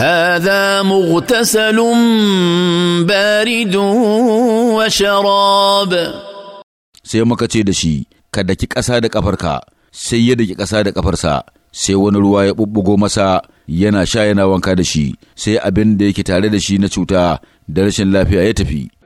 هذا مغتسل بارد وشراب sai muka ce da shi ka daki ƙasa da ƙafarka sai ya daki ƙasa da ƙafarsa sai wani ruwa ya ɓuɓɓugo masa yana sha yana wanka da shi sai abin da yake tare da shi na cuta da rashin lafiya ya tafi